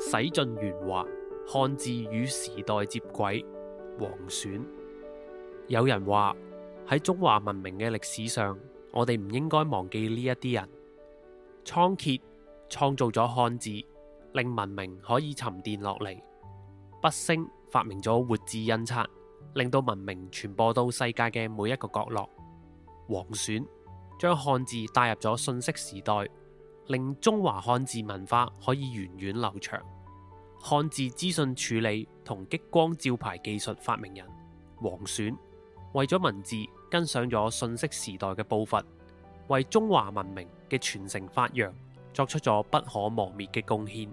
洗盡鉛華，漢字與時代接軌。王選，有人話喺中華文明嘅歷史上，我哋唔應該忘記呢一啲人。倉頡創造咗漢字，令文明可以沉澱落嚟，畢昇發明咗活字印刷，令到文明傳播到世界嘅每一個角落，王選將漢字帶入咗信息時代。令中華漢字文化可以源遠流長。漢字資訊處理同激光照排技術發明人王選，為咗文字跟上咗信息時代嘅步伐，為中華文明嘅傳承發揚作出咗不可磨滅嘅貢獻。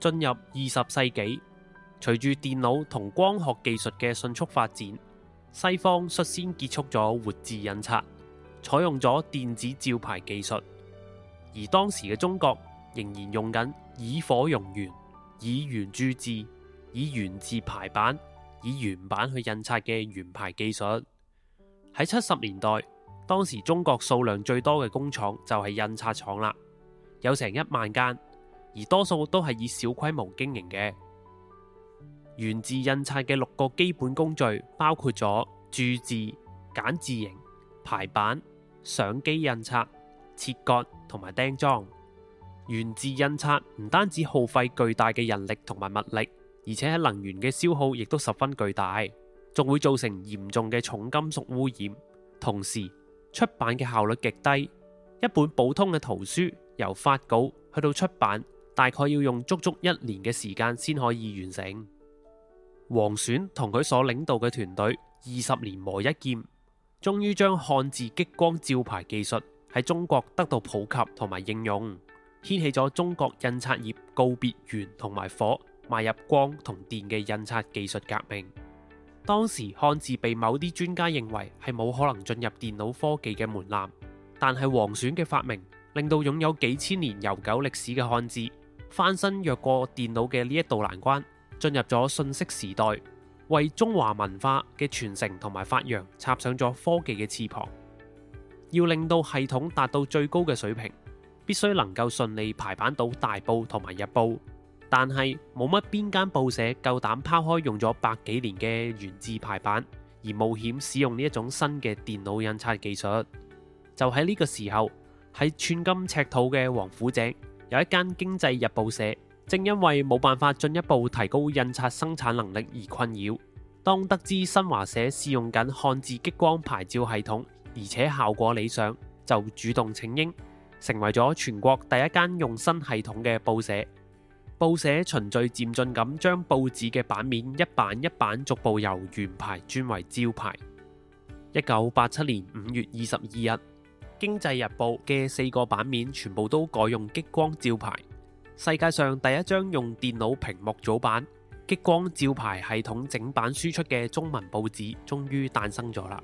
進入二十世紀，隨住電腦同光學技術嘅迅速發展，西方率先結束咗活字印刷，採用咗電子照排技術。而當時嘅中國仍然用緊以火熔鉛、以鉛鑄字、以鉛字排版、以鉛版去印刷嘅鉛排技術。喺七十年代，當時中國數量最多嘅工廠就係印刷廠啦，有成一萬間，而多數都係以小規模經營嘅。鉛字印刷嘅六個基本工序包括咗鑄簡字、剪字型、排版、上機印刷。切割同埋釘裝，鉛字印刷唔單止耗費巨大嘅人力同埋物力，而且喺能源嘅消耗亦都十分巨大，仲會造成嚴重嘅重金屬污染。同時出版嘅效率極低，一本普通嘅圖書由發稿去到出版，大概要用足足一年嘅時間先可以完成。王選同佢所領導嘅團隊二十年磨一劍，終於將漢字激光照排技術，喺中國得到普及同埋應用，掀起咗中國印刷業告別鉛同埋火，邁入光同電嘅印刷技術革命。當時漢字被某啲專家認為係冇可能進入電腦科技嘅門檻，但係王選嘅發明，令到擁有幾千年悠久歷史嘅漢字，翻身躍過電腦嘅呢一道難關，進入咗信息時代，為中華文化嘅傳承同埋發揚插上咗科技嘅翅膀。要令到系統達到最高嘅水平，必須能夠順利排版到大報同埋日報，但係冇乜邊間報社夠膽拋開用咗百幾年嘅鉛字排版，而冒險使用呢一種新嘅電腦印刷技術。就喺呢個時候，喺寸金尺土嘅王府井，有一間經濟日報社，正因為冇辦法進一步提高印刷生產能力而困擾。當得知新華社試用緊漢字激光照排系統，而且效果理想，就主動請纓，成為咗全國第一間用新系統嘅報社。報社循序漸進咁將報紙嘅版面一版一版逐步由鉛排轉為照排。一九八七年五月二十二日，《經濟日報》嘅四個版面全部都改用激光照排。世界上第一張用電腦屏幕組版、激光照排系統整版輸出嘅中文報紙，終於誕生咗啦！